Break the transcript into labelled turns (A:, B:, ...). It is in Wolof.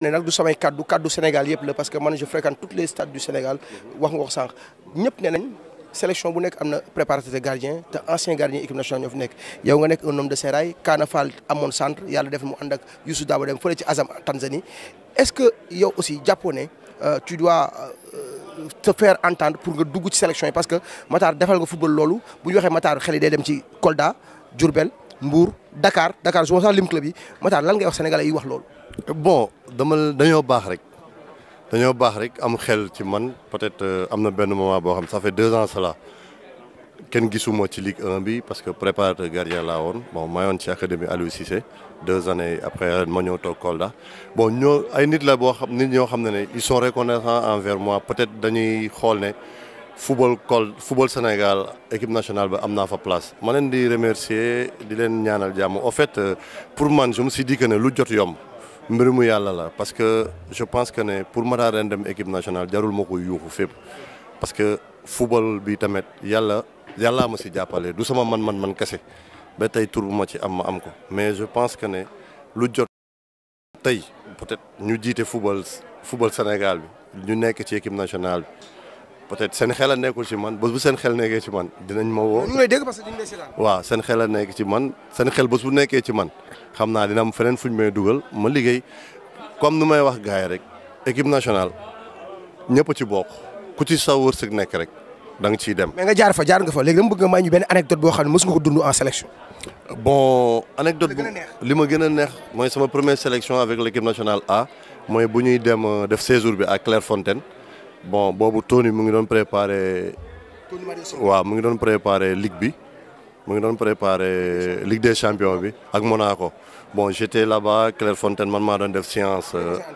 A: ne nag du samay kaddu kaddu Sénégal yëpp la parce que man je fréquente tous les stades du Sénégal wax nga wax sànq ñëpp sélection bu nekk am préparateur de gardien te ancien gardien équipe nationale ñoo fi nekk yow nga nekk un homme de sérail carnaval Fall amoon centre yàlla def mu ànd ak Youssou Dabo dem fële ci Azam Tanzanie est-ce que yow aussi jàppoo euh, tu dois euh, te faire entendre pour nga dugg ci sélection parce que Matar defal nga football lolu, bu ñu waxee Matar xel yi dem ci Kolda Diourbel Mbour Dakar Dakar su ma sax lim club yi Matar lan ngay wax sénégalais yi wax loolu
B: bon dama dañoo baax rek dañoo baax rek am xel ci man peut-être euh, am na benn moment xam ça fait deux ans cela kenn gisuma ci Ligue 1 bi parce que préparateur gardien laa bon maa yoon ci académie Aliou Cissé deux années après ma ñëw toog Kolda bon ñoo ay nit la boo xam nit ñoo xam ils sont reconnaissants envers moi peut-être dañuy xool ne football col football Sénégal équipe nationale ba am fa place ma di remercier di len ñaanal jamm au fait euh, pour moi, je me suis dit que ne lu jot yom mbirmu yalla la parce que je pense que né pour ma daa équipe nationale jarul ma ko fep parce que football bi tamet yalla yalla ma si jappalé du sama man man man kese ba tay tour bu ma ci am ma am ko mais je pense que né lu jot tay peut-être ñu jité football football Sénégal bi ñu nekk ci équipe nationale peut-être seen xel a nekkul ci man bés bu seen xel nekkee ci man dinañ ma wo ñu ngi dégg parce
A: que ñu ngi lay seetaan.
B: waaw xel a nekk ci man seen xel bés bu nekké ci man xamna dina am fenen fuñ may duggal ma liggéey comme nu may wax gaay rek équipe nationale ñëpp ci bokk ku ci sa wërsëg nekk rek da nga ciy dem.
A: mais nga jaar fa jaar nga fa légui dama bëgg may ñu benn anecdote bo xam mësu ko dund en sélection.
B: bon anecdote bu li ma gën neex moy sama première sélection avec l'équipe nationale A moy bu ñuy dem def séjour bi à Clairefontaine. bon bobu Tony mu ngi préparer préparé. waaw mu ngi préparer ligue bi mu ngi doon ligue des champions bi ak Monaco bon j'étais là-bas Clairefontaine man m'a doon def science. Euh,